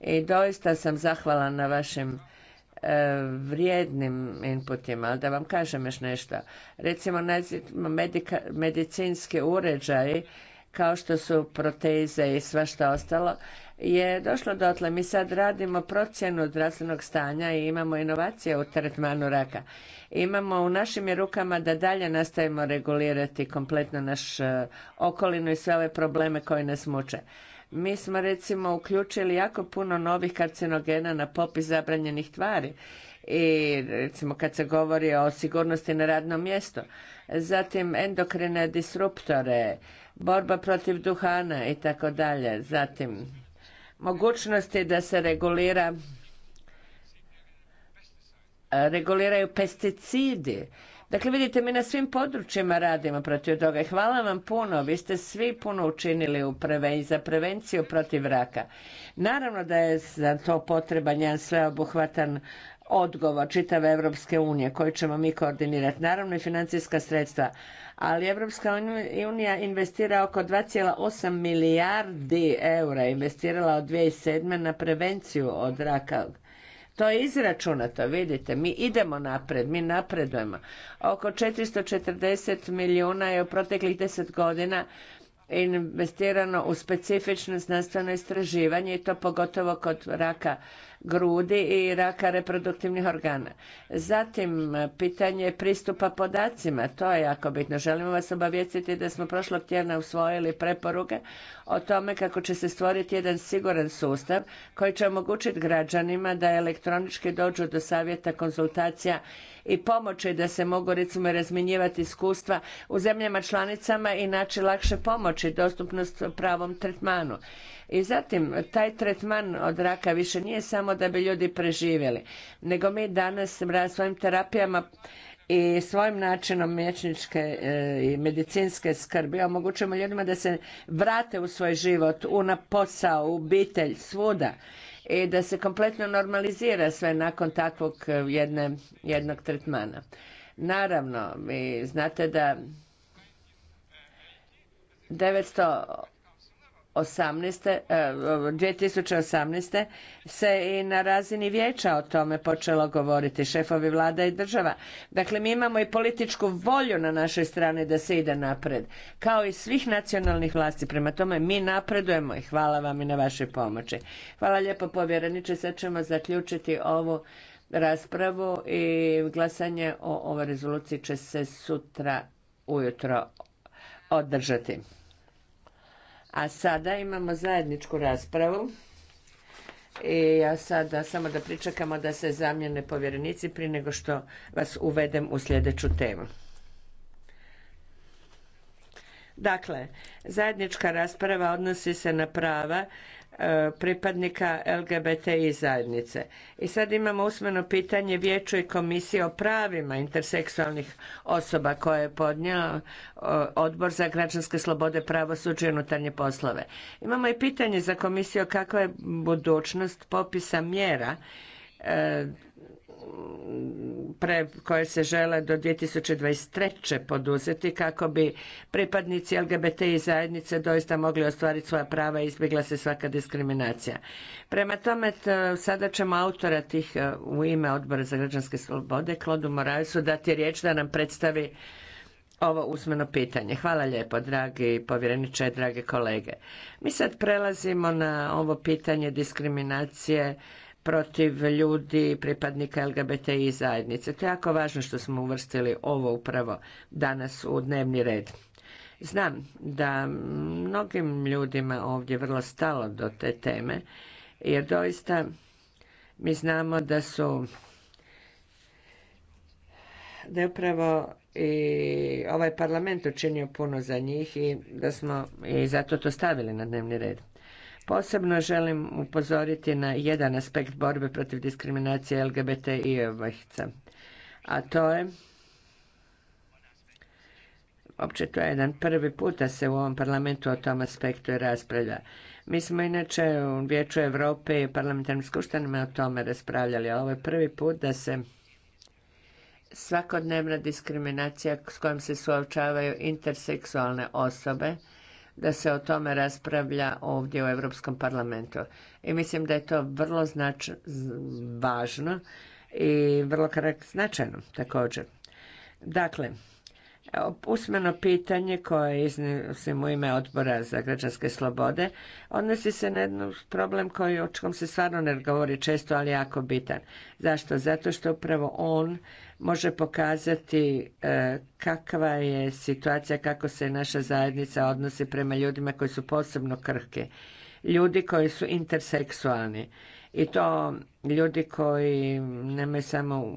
i doista sam zahvala na vašim e, vrijednim inputima, da vam kažem još nešto. Recimo, medika, medicinski uređaj, kao što su proteze i svašta ostalo, je došlo dotle. Mi sad radimo procjenu zdravstvenog stanja i imamo inovacije u tretmanu raka. Imamo u našim rukama da dalje nastavimo regulirati kompletno naš e, okolinu i sve ove probleme koje nas muče. Mi smo recimo uključili jako puno novih karcinogena na popis zabranjenih tvari i recimo kad se govori o sigurnosti na radnom mjestu. Zatim endokrine disruptore, borba protiv duhana i tako dalje. Zatim mogućnosti da se regulira reguliraju pesticidi Dakle, vidite, mi na svim područjima radimo protiv toga i hvala vam puno. Vi ste svi puno učinili u preve, za prevenciju protiv raka. Naravno da je za to potreban jedan sveobuhvatan odgovor čitave Evropske unije koji ćemo mi koordinirati. Naravno i financijska sredstva. Ali Evropska unija investira oko 2,8 milijardi eura. Investirala od 2007. na prevenciju od raka to je izračunato, vidite, mi idemo napred, mi napredujemo. Oko 440 milijuna je u proteklih deset godina investirano u specifično znanstveno istraživanje i to pogotovo kod raka grudi i raka reproduktivnih organa. Zatim, pitanje pristupa podacima, to je jako bitno. Želimo vas obavijestiti da smo prošlog tjedna usvojili preporuge o tome kako će se stvoriti jedan siguran sustav koji će omogućiti građanima da elektronički dođu do savjeta, konzultacija i pomoći da se mogu recimo razmjenjivati iskustva u zemljama članicama i naći lakše pomoći, dostupnost pravom tretmanu. I zatim, taj tretman od raka više nije samo da bi ljudi preživjeli, nego mi danas svojim terapijama i svojim načinom mječničke e, i medicinske skrbi omogućujemo ljudima da se vrate u svoj život, u na posao, u obitelj, svuda i da se kompletno normalizira sve nakon takvog e, jedne, jednog tretmana. Naravno, vi znate da 900 2018. E, se i na razini vijeća o tome počelo govoriti, šefovi vlada i država. Dakle, mi imamo i političku volju na našoj strani da se ide napred, kao i svih nacionalnih vlasti. Prema tome, mi napredujemo i hvala vam i na vašoj pomoći. Hvala lijepo, povjereniče. Sad ćemo zaključiti ovu raspravu i glasanje o ovoj rezoluciji će se sutra ujutro održati. A sada imamo zajedničku raspravu. I ja sada samo da pričekamo da se zamjene povjerenici prije nego što vas uvedem u sljedeću temu. Dakle, zajednička rasprava odnosi se na prava E, pripadnika LGBTI zajednice. I sad imamo usmeno pitanje Vijeću i Komisije o pravima interseksualnih osoba koje je podnio e, Odbor za građanske slobode, pravosuđe i unutarnje poslove. Imamo i pitanje za Komisiju kakva je budućnost popisa mjera e, koje se žele do 2023. poduzeti kako bi pripadnici i zajednice doista mogli ostvariti svoja prava i izbjegla se svaka diskriminacija. Prema tome, sada ćemo autora tih e, u ime Odbora za građanske slobode, Klodu su dati riječ da nam predstavi ovo usmeno pitanje. Hvala lijepo, dragi povjereniče, drage kolege. Mi sad prelazimo na ovo pitanje diskriminacije protiv ljudi pripadnika LGBTI zajednice. To je jako važno što smo uvrstili ovo upravo danas u dnevni red. Znam da mnogim ljudima ovdje vrlo stalo do te teme, jer doista mi znamo da su da je upravo i ovaj parlament učinio puno za njih i da smo i zato to stavili na dnevni red. Posebno želim upozoriti na jedan aspekt borbe protiv diskriminacije LGBT i a to je opće to je jedan prvi da se u ovom parlamentu o tom aspektu raspravlja. Mi smo inače u Vijeću Europe i parlamentarnim skupštinama o tome raspravljali, a ovo je prvi put da se svakodnevna diskriminacija s kojom se suočavaju interseksualne osobe da se o tome raspravlja ovdje u Europskom parlamentu. I mislim da je to vrlo važno i vrlo značajno također. Dakle, Usmeno pitanje koje iznosim u ime odbora za građanske slobode odnosi se na jedan problem koji, o se stvarno ne govori često, ali jako bitan. Zašto? Zato što upravo on može pokazati e, kakva je situacija, kako se naša zajednica odnosi prema ljudima koji su posebno krhke, Ljudi koji su interseksualni. I to ljudi koji nema,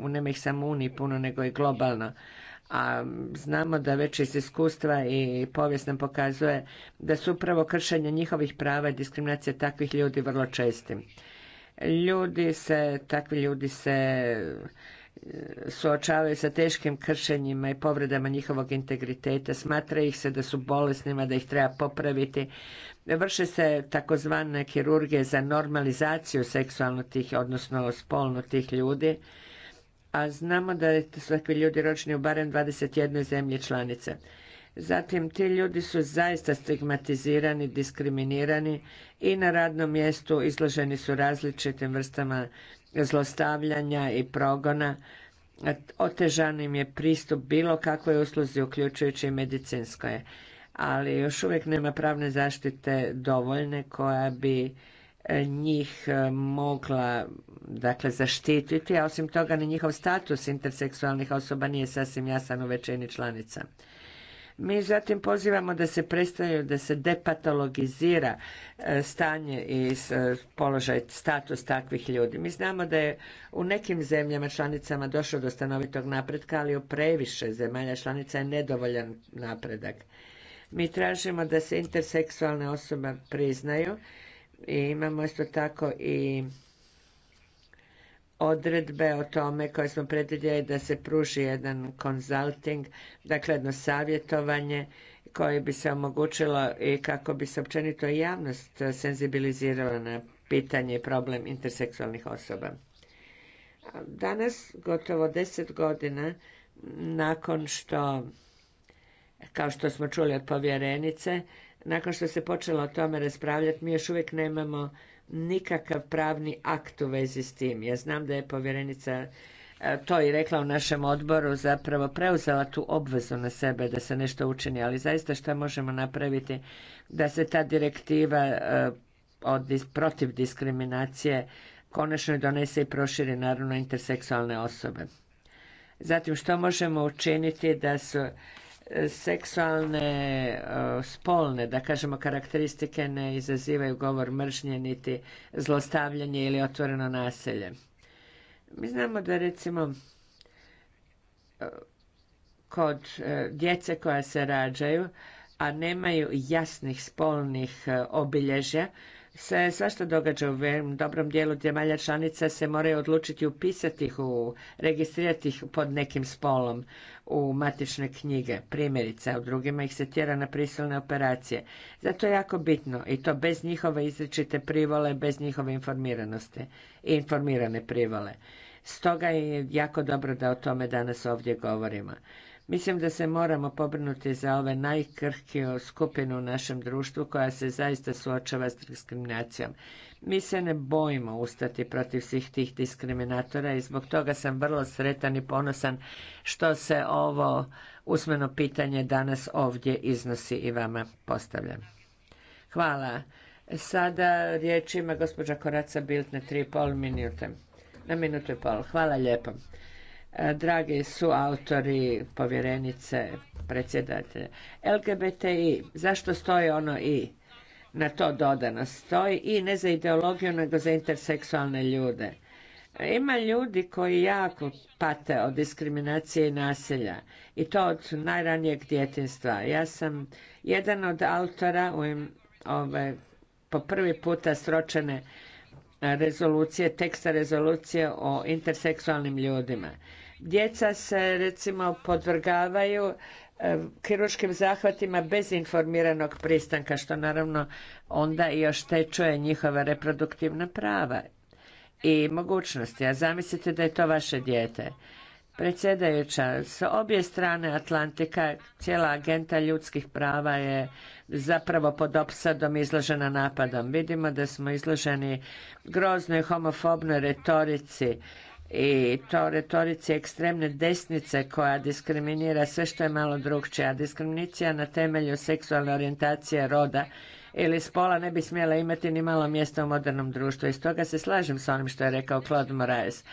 nema ih samo Uniji puno, nego i globalno a znamo da već iz iskustva i povijest nam pokazuje da su upravo kršenje njihovih prava i diskriminacija takvih ljudi vrlo česti. Ljudi se, takvi ljudi se e, suočavaju sa teškim kršenjima i povredama njihovog integriteta, smatra ih se da su bolesnima, da ih treba popraviti. Vrše se takozvane kirurgije za normalizaciju seksualno tih, odnosno spolno tih ljudi a znamo da su takvi dakle, ljudi ročni u barem 21 zemlji članice. Zatim, ti ljudi su zaista stigmatizirani, diskriminirani i na radnom mjestu izloženi su različitim vrstama zlostavljanja i progona. Otežan im je pristup bilo kakvoj usluzi, uključujući i medicinskoj. Ali još uvijek nema pravne zaštite dovoljne koja bi njih e, mogla dakle zaštititi, a osim toga ni njihov status interseksualnih osoba nije sasvim jasan u većini članica. Mi zatim pozivamo da se prestaju, da se depatologizira e, stanje i e, položaj, status takvih ljudi. Mi znamo da je u nekim zemljama članicama došlo do stanovitog napretka, ali u previše zemalja članica je nedovoljan napredak. Mi tražimo da se interseksualne osobe priznaju i imamo isto tako i odredbe o tome koje smo predvidjeli da se pruži jedan consulting, dakle jedno savjetovanje koje bi se omogućilo i kako bi se općenito javnost senzibilizirala na pitanje i problem interseksualnih osoba. Danas, gotovo deset godina nakon što, kao što smo čuli od povjerenice, nakon što se počelo o tome raspravljati, mi još uvijek nemamo nikakav pravni akt u vezi s tim. Ja znam da je povjerenica e, to i rekla u našem odboru, zapravo preuzela tu obvezu na sebe da se nešto učini, ali zaista što možemo napraviti da se ta direktiva e, od, protiv diskriminacije konačno donese i proširi naravno interseksualne osobe. Zatim što možemo učiniti da su seksualne, e, spolne, da kažemo, karakteristike ne izazivaju govor mržnje, niti zlostavljanje ili otvoreno naselje. Mi znamo da recimo e, kod e, djece koja se rađaju, a nemaju jasnih spolnih obilježja, se svašta događa u dobrom dijelu zemalja članica se moraju odlučiti upisati ih u registrirati ih pod nekim spolom u matične knjige primjerice a u drugima ih se tjera na prisilne operacije zato je jako bitno i to bez njihove izričite privole bez njihove informiranosti i informirane privole stoga je jako dobro da o tome danas ovdje govorimo Mislim da se moramo pobrinuti za ove najkrhkije skupinu u našem društvu koja se zaista suočava s diskriminacijom. Mi se ne bojimo ustati protiv svih tih diskriminatora i zbog toga sam vrlo sretan i ponosan što se ovo usmeno pitanje danas ovdje iznosi i vama postavljam. Hvala. Sada riječ ima gospođa Koraca Bilt na tri pol minute. Na minutu i pol. Hvala lijepo. E, dragi su autori, povjerenice, predsjedatelje. LGBTI, zašto stoji ono i? Na to dodano stoji i ne za ideologiju, nego za interseksualne ljude. E, ima ljudi koji jako pate od diskriminacije i nasilja i to od najranijeg djetinstva. Ja sam jedan od autora u ove, po prvi puta sročene e, rezolucije, teksta rezolucije o interseksualnim ljudima Djeca se recimo podvrgavaju e, kirurškim zahvatima bez informiranog pristanka, što naravno onda i oštećuje njihova reproduktivna prava i mogućnosti. A zamislite da je to vaše dijete. Predsjedajuća, s obje strane Atlantika cijela agenta ljudskih prava je zapravo pod opsadom izložena napadom. Vidimo da smo izloženi groznoj homofobnoj retorici i to retorici ekstremne desnice koja diskriminira sve što je malo drugčije, a diskriminacija na temelju seksualne orijentacije roda ili spola ne bi smjela imati ni malo mjesta u modernom društvu. I stoga se slažem s onim što je rekao Claude Moraes.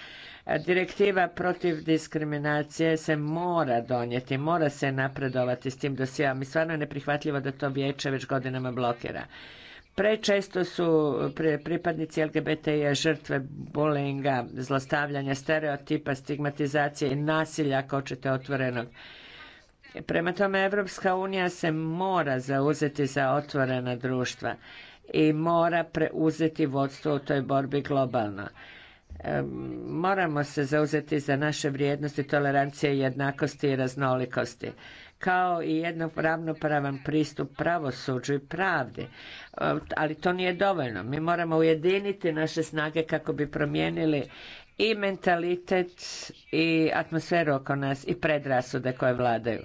Direktiva protiv diskriminacije se mora donijeti, mora se napredovati s tim dosijama i stvarno je neprihvatljivo da to vijeće već godinama blokira. Prečesto su pripadnici LGBTI žrtve bullyinga, zlostavljanja, stereotipa, stigmatizacije i nasilja, ako ćete otvorenog. Prema tome, Evropska unija se mora zauzeti za otvorena društva i mora preuzeti vodstvo u toj borbi globalno. Moramo se zauzeti za naše vrijednosti, tolerancije, jednakosti i raznolikosti kao i jednog ravnopravan pristup pravosuđu i pravdi. E, ali to nije dovoljno. Mi moramo ujediniti naše snage kako bi promijenili i mentalitet i atmosferu oko nas i predrasude koje vladaju.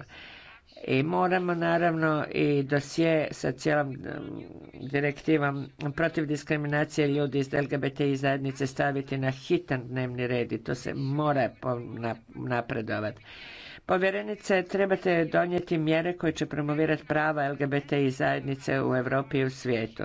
I moramo naravno i dosje sa cijelom direktivom protiv diskriminacije ljudi iz LGBTI zajednice staviti na hitan dnevni red i to se mora napredovati. Povjerenice, trebate donijeti mjere koje će promovirati prava LGBTI zajednice u Europi i u svijetu.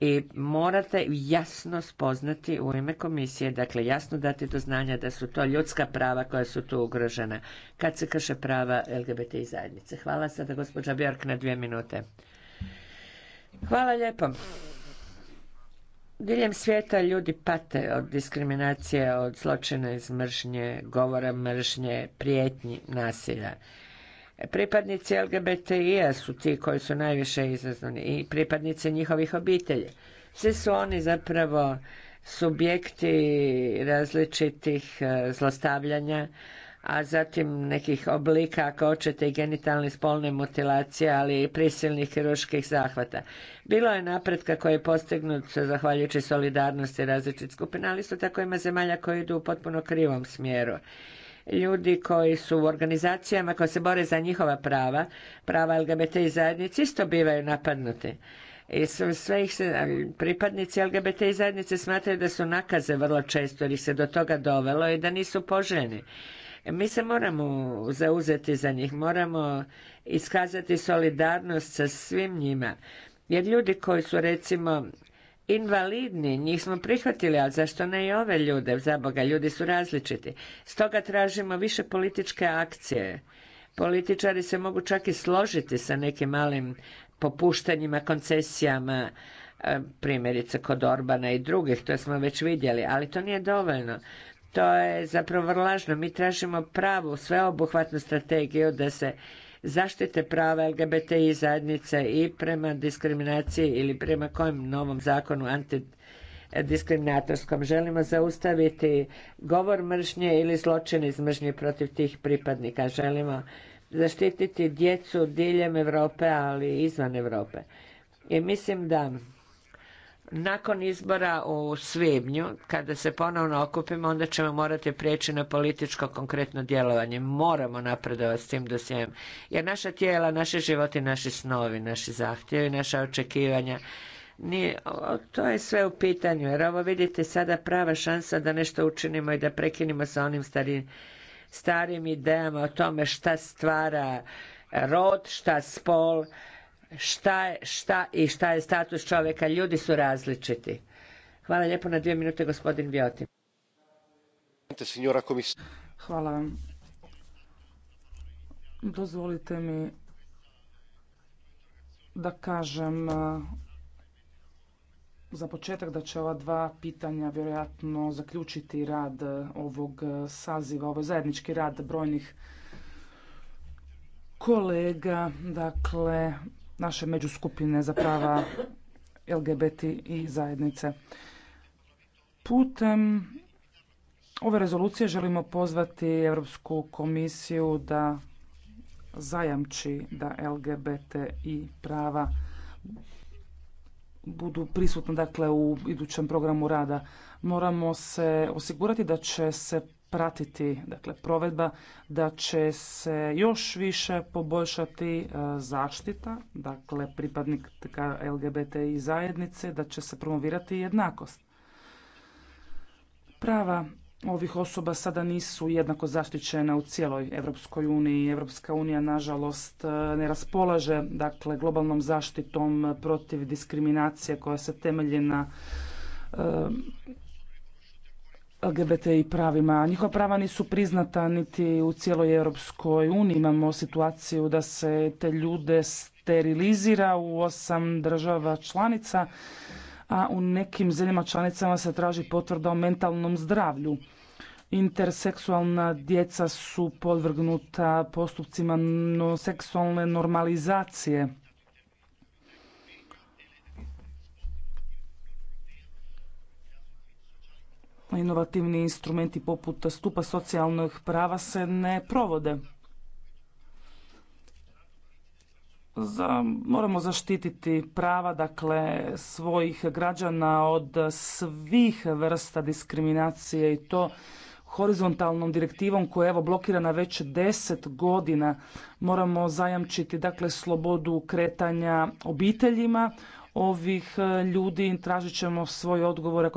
I morate jasno spoznati u ime komisije, dakle jasno dati do znanja da su to ljudska prava koja su tu ugrožena kad se krše prava LGBTI zajednice. Hvala sada gospođa Bjork na dvije minute. Hvala lijepo. Diljem svijeta ljudi pate od diskriminacije, od zločina iz mržnje, govora mržnje, prijetnji, nasilja. Pripadnici lgbti su ti koji su najviše izazvani i pripadnice njihovih obitelji. Svi su oni zapravo subjekti različitih eh, zlostavljanja, a zatim nekih oblika, ako hoćete, i genitalne spolne mutilacije, ali i prisilnih kirurških zahvata. Bilo je napretka koji je postignut zahvaljujući solidarnosti različitih skupina, ali isto tako ima zemalja koje idu u potpuno krivom smjeru ljudi koji su u organizacijama koje se bore za njihova prava, prava i zajednice, isto bivaju napadnuti. I sve ih se, pripadnici i zajednice smatraju da su nakaze vrlo često jer ih se do toga dovelo i da nisu poželjni. E, mi se moramo zauzeti za njih, moramo iskazati solidarnost sa svim njima. Jer ljudi koji su recimo invalidni, njih smo prihvatili, ali zašto ne i ove ljude? Za Boga, ljudi su različiti. Stoga tražimo više političke akcije. Političari se mogu čak i složiti sa nekim malim popuštanjima, koncesijama, e, primjerice kod Orbana i drugih, to smo već vidjeli, ali to nije dovoljno to je zapravo vrlo lažno. Mi tražimo pravu, sveobuhvatnu strategiju da se zaštite prava LGBTI zajednice i prema diskriminaciji ili prema kojem novom zakonu antidiskriminatorskom. Želimo zaustaviti govor mržnje ili zločin iz mržnje protiv tih pripadnika. Želimo zaštititi djecu diljem Europe, ali i izvan Europe. I mislim da nakon izbora u svibnju, kada se ponovno okupimo, onda ćemo morati prijeći na političko konkretno djelovanje. Moramo napredovati s tim dosijem. Jer naša tijela, naši životi, naši snovi, naši zahtjevi, naša očekivanja, to je sve u pitanju. Jer ovo vidite sada prava šansa da nešto učinimo i da prekinimo sa onim stari, starim idejama o tome šta stvara rod, šta spol, šta je šta i šta je status čovjeka. Ljudi su različiti. Hvala lijepo na dvije minute, gospodin Vjoti. Hvala vam. Dozvolite mi da kažem uh, za početak da će ova dva pitanja vjerojatno zaključiti rad uh, ovog uh, saziva, ovo ovaj zajednički rad brojnih kolega. Dakle, naše međuskupine za prava LGBT i zajednice. Putem ove rezolucije želimo pozvati Europsku komisiju da zajamči da LGBT i prava budu prisutna dakle u idućem programu rada. Moramo se osigurati da će se pratiti dakle, provedba, da će se još više poboljšati e, zaštita dakle, pripadnika i zajednice, da će se promovirati jednakost. Prava ovih osoba sada nisu jednako zaštićena u cijeloj Europskoj uniji. Europska unija, nažalost, e, ne raspolaže dakle, globalnom zaštitom protiv diskriminacije koja se temelji na e, LGBTI pravima. Njihova prava nisu priznata niti u cijeloj Europskoj uniji. Imamo situaciju da se te ljude sterilizira u osam država članica, a u nekim zemljama članicama se traži potvrda o mentalnom zdravlju. Interseksualna djeca su podvrgnuta postupcima seksualne normalizacije inovativni instrumenti poput stupa socijalnih prava se ne provode. Za, moramo zaštititi prava dakle svojih građana od svih vrsta diskriminacije i to horizontalnom direktivom koja je evo blokirana već deset godina. Moramo zajamčiti dakle slobodu kretanja obiteljima ovih ljudi tražit ćemo svoje odgovor ako